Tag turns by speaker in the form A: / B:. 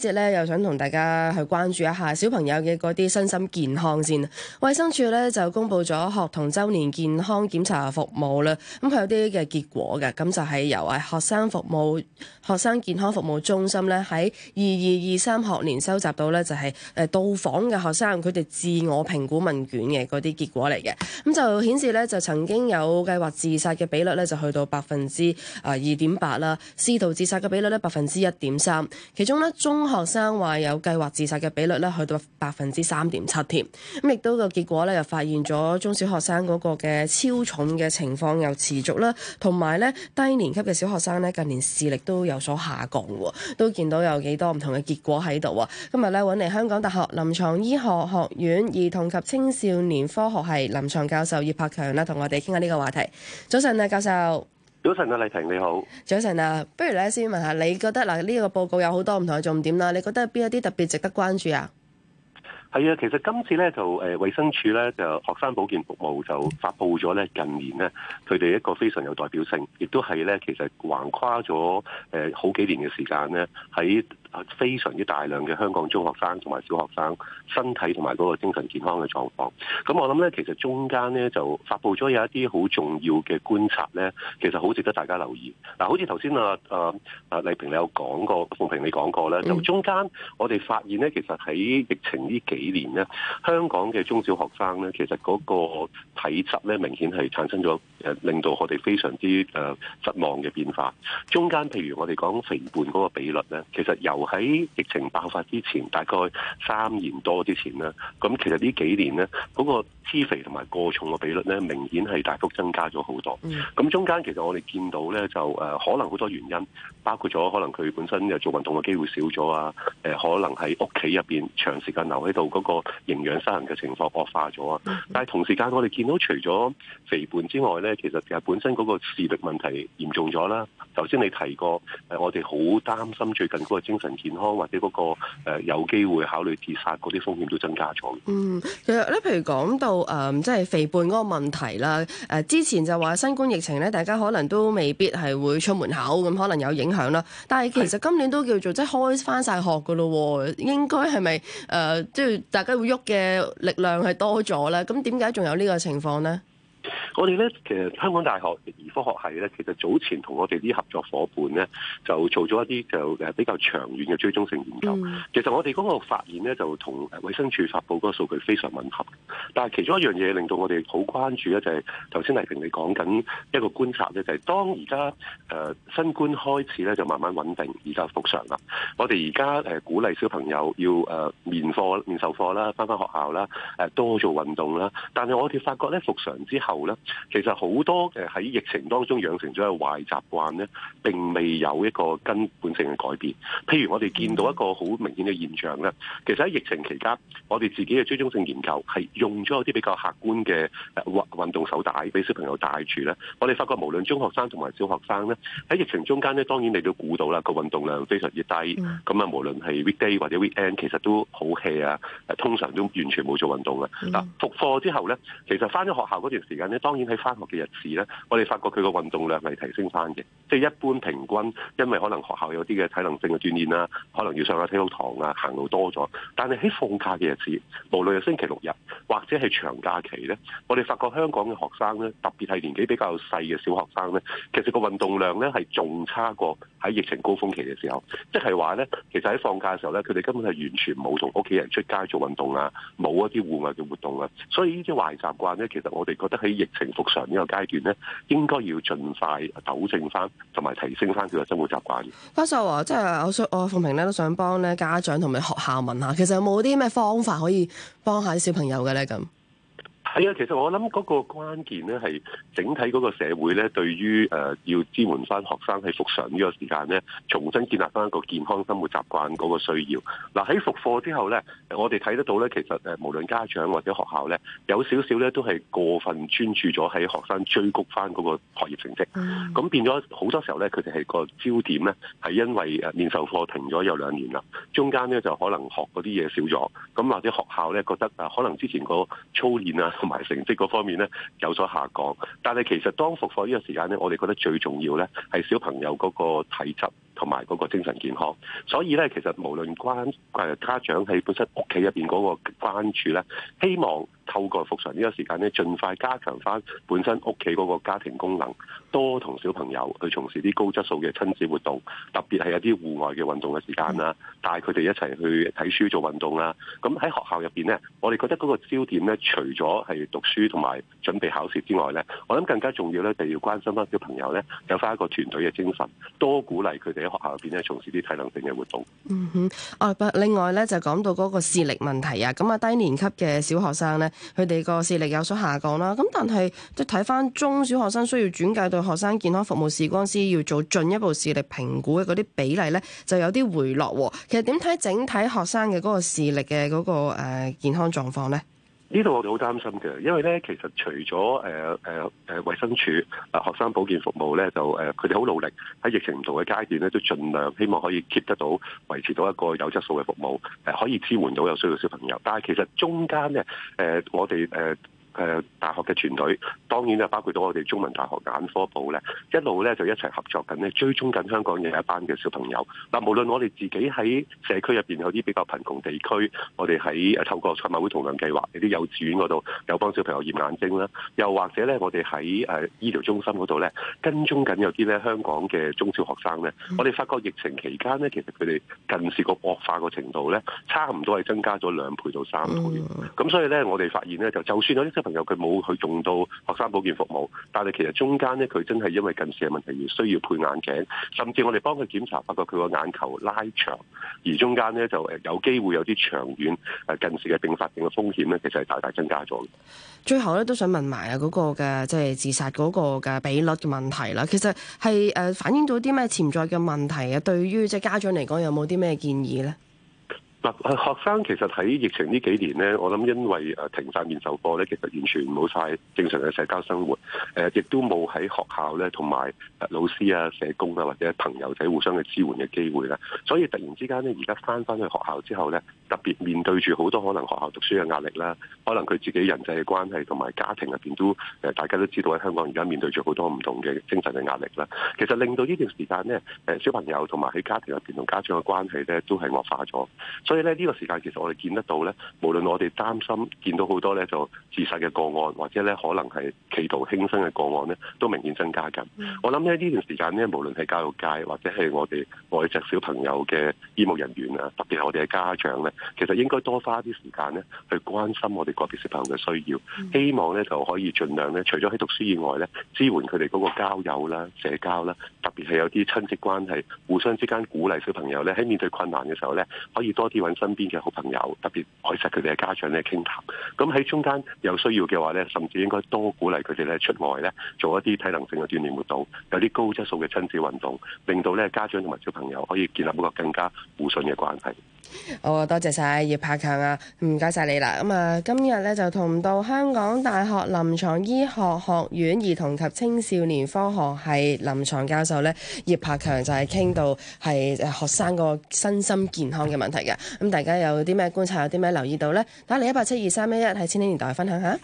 A: 即呢又想同大家去關注一下小朋友嘅嗰啲身心健康先。衛生署咧就公布咗學童周年健康檢查服務啦。咁佢有啲嘅結果嘅，咁就係、是、由誒學生服務、學生健康服務中心咧喺二二二三學年收集到咧就係誒到訪嘅學生佢哋自我評估問卷嘅嗰啲結果嚟嘅。咁就顯示咧就曾經有計劃自殺嘅比率咧就去到百分之誒二點八啦，試圖自殺嘅比率咧百分之一點三，其中咧中。學生話有計劃自殺嘅比率咧，去到百分之三點七添。咁亦都個結果咧，又發現咗中小學生嗰個嘅超重嘅情況又持續啦，同埋咧低年級嘅小學生咧，近年視力都有所下降，都見到有幾多唔同嘅結果喺度啊！今日咧揾嚟香港大學臨床醫學學院兒童及青少年科學系臨床教授葉柏強啦，同我哋傾下呢個話題。早晨啊，教授。早
B: 晨啊，麗婷你好。
A: 早晨啊，不如咧先問一下，你覺得嗱呢個報告有好多唔同嘅重點啦？你覺得邊一啲特別值得關注啊？
B: 係啊，其實今次咧就誒衛生署咧就學生保健服務就發布咗咧近年咧佢哋一個非常有代表性，亦都係咧其實橫跨咗誒好幾年嘅時間咧喺，非常之大量嘅香港中學生同埋小學生身體同埋嗰個精神健康嘅狀況，咁我諗咧，其實中間咧就發佈咗有一啲好重要嘅觀察咧，其實好值得大家留意。嗱，好似頭先啊啊啊麗萍你有講過，鳳萍你講過咧，就中間我哋發現咧，其實喺疫情呢幾年咧，香港嘅中小學生咧，其實嗰個體質咧，明顯係產生咗誒令到我哋非常之誒、呃、失望嘅變化。中間譬如我哋講肥胖嗰個比率咧，其實有。喺疫情爆發之前，大概三年多之前啦。咁其實呢幾年咧，嗰個黐肥同埋過重嘅比率咧，明顯係大幅增加咗好多。咁中間其實我哋見到咧，就誒、呃、可能好多原因，包括咗可能佢本身又做運動嘅機會少咗啊。誒、呃、可能喺屋企入邊長時間留喺度，嗰、那個營養失衡嘅情況惡化咗啊。但係同時間我哋見到，除咗肥胖之外咧，其實其實本身嗰個視力問題嚴重咗啦。頭先你提過，誒、呃、我哋好擔心最近嗰個精神健康或者嗰、那個、呃、有機會考慮自殺嗰啲風險都增加咗。嗯，
A: 其實咧，譬如講到。誒，即係、嗯就是、肥胖嗰個問題啦。誒，之前就話新冠疫情咧，大家可能都未必係會出門口，咁可能有影響啦。但係其實今年都叫做即係、就是、開翻晒學噶咯，應該係咪誒，即、呃、係、就是、大家會喐嘅力量係多咗咧？咁點解仲有呢個情況咧？
B: 我哋咧，其實香港大學兒科學系咧，其實早前同我哋啲合作伙伴咧，就做咗一啲就誒比較長遠嘅追蹤性研究。其實我哋嗰個發現咧，就同衞生署發布嗰個數據非常吻合。但係其中一樣嘢令到我哋好關注咧，就係頭先黎平你講緊一個觀察咧，就係當而家誒新冠開始咧，就慢慢穩定，而家復常啦。我哋而家誒鼓勵小朋友要誒面課面授課啦，返返學校啦，都多做運動啦。但係我哋發覺咧，復常之後，後咧，其實好多嘅喺疫情當中養成咗嘅壞習慣咧，並未有一個根本性嘅改變。譬如我哋見到一個好明顯嘅現象咧，其實喺疫情期間，我哋自己嘅追蹤性研究係用咗一啲比較客觀嘅運運動手帶俾小朋友帶住咧。我哋發覺無論中學生同埋小學生咧，喺疫情中間咧，當然你都估到啦，個運動量非常之低。咁啊，無論係 weekday 或者 weekend，其實都好 hea 啊，通常都完全冇做運動嘅。嗱，復課之後咧，其實返咗學校嗰段時。當然喺翻學嘅日子咧，我哋發覺佢個運動量係提升翻嘅，即係一般平均，因為可能學校有啲嘅體能性嘅鍛鍊啦，可能要上下體育堂啊，行路多咗。但係喺放假嘅日子，無論係星期六日或者係長假期咧，我哋發覺香港嘅學生咧，特別係年紀比較細嘅小學生咧，其實個運動量咧係仲差過喺疫情高峰期嘅時候，即係話咧，其實喺放假嘅時候咧，佢哋根本係完全冇同屋企人出街做運動啊，冇一啲戶外嘅活動啊，所以呢啲壞習慣咧，其實我哋覺得喺疫情復常呢個階段咧，應該要盡快糾正翻，同埋提升翻佢嘅生活習慣。葉
A: 教授，即係我想，我鳳萍咧都想幫咧家長同埋學校問下，其實有冇啲咩方法可以幫下啲小朋友嘅咧咁？
B: 係啊，其實我諗嗰個關鍵咧，係整體嗰個社會咧，對於誒要支援翻學生喺復常呢個時間咧，重新建立翻一個健康生活習慣嗰個需要。嗱喺復課之後咧，我哋睇得到咧，其實誒無論家長或者學校咧，有少少咧都係過分專注咗喺學生追谷翻嗰個學業成績，咁變咗好多時候咧，佢哋係個焦點咧，係因為誒面授課停咗有兩年啦，中間咧就可能學嗰啲嘢少咗，咁或者學校咧覺得誒可能之前個操練啊，同埋成績嗰方面咧有所下降，但係其實當復課呢個時間咧，我哋覺得最重要咧係小朋友嗰個體質。同埋嗰個精神健康，所以咧，其實無論關家長喺本身屋企入邊嗰個關注咧，希望透過復常呢個時間咧，盡快加強翻本身屋企嗰個家庭功能，多同小朋友去從事啲高質素嘅親子活動，特別係一啲戶外嘅運動嘅時間啦，帶佢哋一齊去睇書做運動啦。咁喺學校入邊咧，我哋覺得嗰個焦點咧，除咗係讀書同埋準備考試之外咧，我諗更加重要咧，就要關心翻小朋友咧，有翻一個團隊嘅精神，多鼓勵佢哋。學校入邊咧，從
A: 事啲體能性嘅活動。嗯哼，哦、啊，另外咧，就講到嗰個視力問題啊，咁啊，低年級嘅小學生咧，佢哋個視力有所下降啦。咁但係即係睇返中小學生需要轉介對學生健康服務視光師，要做進一步視力評估嘅嗰啲比例咧，就有啲回落。其實點睇整體學生嘅嗰個視力嘅嗰、嗰個誒、啊、健康狀況咧？
B: 呢度我哋好擔心嘅，因為咧其實除咗誒誒誒衛生署啊、呃、學生保健服務咧，就誒佢哋好努力喺疫情唔同嘅階段咧，都盡量希望可以 keep 得到維持到一個有質素嘅服務、呃，可以支援到有需要嘅小朋友。但係其實中間咧誒、呃、我哋誒。呃誒大學嘅團隊，當然就包括到我哋中文大學眼科部咧，一路咧就一齊合作緊咧，追蹤緊香港嘅一班嘅小朋友。嗱，無論我哋自己喺社區入面有啲比較貧窮地區，我哋喺透過賽馬會童亮計劃，有啲幼稚園嗰度有幫小朋友驗眼睛啦，又或者咧，我哋喺誒醫療中心嗰度咧，跟蹤緊有啲咧香港嘅中小學生咧，我哋發覺疫情期間咧，其實佢哋近視個惡化個程度咧，差唔多係增加咗兩倍到三倍。咁所以咧，我哋發現咧，就就算有啲又佢冇去用到學生保健服務，但係其實中間呢，佢真係因為近視嘅問題而需要配眼鏡，甚至我哋幫佢檢查，發覺佢個眼球拉長，而中間呢就誒有機會有啲長遠誒近視嘅併發症嘅風險呢，其實係大大增加咗。
A: 最後咧，都想問埋嗰個嘅即係自殺嗰個嘅比率嘅問題啦。其實係誒反映到啲咩潛在嘅問題啊？對於即係家長嚟講，有冇啲咩建議呢？
B: 嗱，學生其實喺疫情呢幾年咧，我諗因為誒停晒面授課咧，其實完全冇晒正常嘅社交生活，誒亦都冇喺學校咧同埋老師啊、社工啊或者朋友仔互相嘅支援嘅機會啦。所以突然之間咧，而家翻翻去學校之後咧，特別面對住好多可能學校讀書嘅壓力啦，可能佢自己人際嘅關係同埋家庭入面都誒，大家都知道喺香港而家面對住好多唔同嘅精神嘅壓力啦。其實令到呢段時間咧，誒小朋友同埋喺家庭入面同家長嘅關係咧，都係惡化咗。所以呢，呢個時間其實我哋見得到咧，無論我哋擔心見到好多咧就自殺嘅個案，或者咧可能係企圖輕生嘅個案咧，都明顯增加緊。我諗咧呢段時間咧，無論係教育界或者係我哋外籍小朋友嘅醫務人員啊，特別係我哋嘅家長咧，其實應該多花啲時間咧去關心我哋個別小朋友嘅需要，希望咧就可以盡量咧，除咗喺讀書以外咧，支援佢哋嗰個交友啦、社交啦，特別係有啲親戚關係互相之間鼓勵小朋友咧，喺面對困難嘅時候咧，可以多啲。揾身邊嘅好朋友，特別去實佢哋嘅家長咧傾談，談。咁喺中間有需要嘅話咧，甚至應該多鼓勵佢哋咧出外咧，做一啲體能性嘅鍛鍊活動，有啲高質素嘅親子運動，令到咧家長同埋小朋友可以建立一個更加互信嘅關係。
A: 好、哦，多謝晒葉柏強啊，唔該晒你啦。咁啊，今日咧就同到香港大學臨床醫學學院兒童及青少年科學系臨床教授咧葉柏強，就係傾到係學生個身心健康嘅問題嘅。咁大家有啲咩觀察，有啲咩留意到呢？打嚟一八七二三一一喺千禧年代分享下。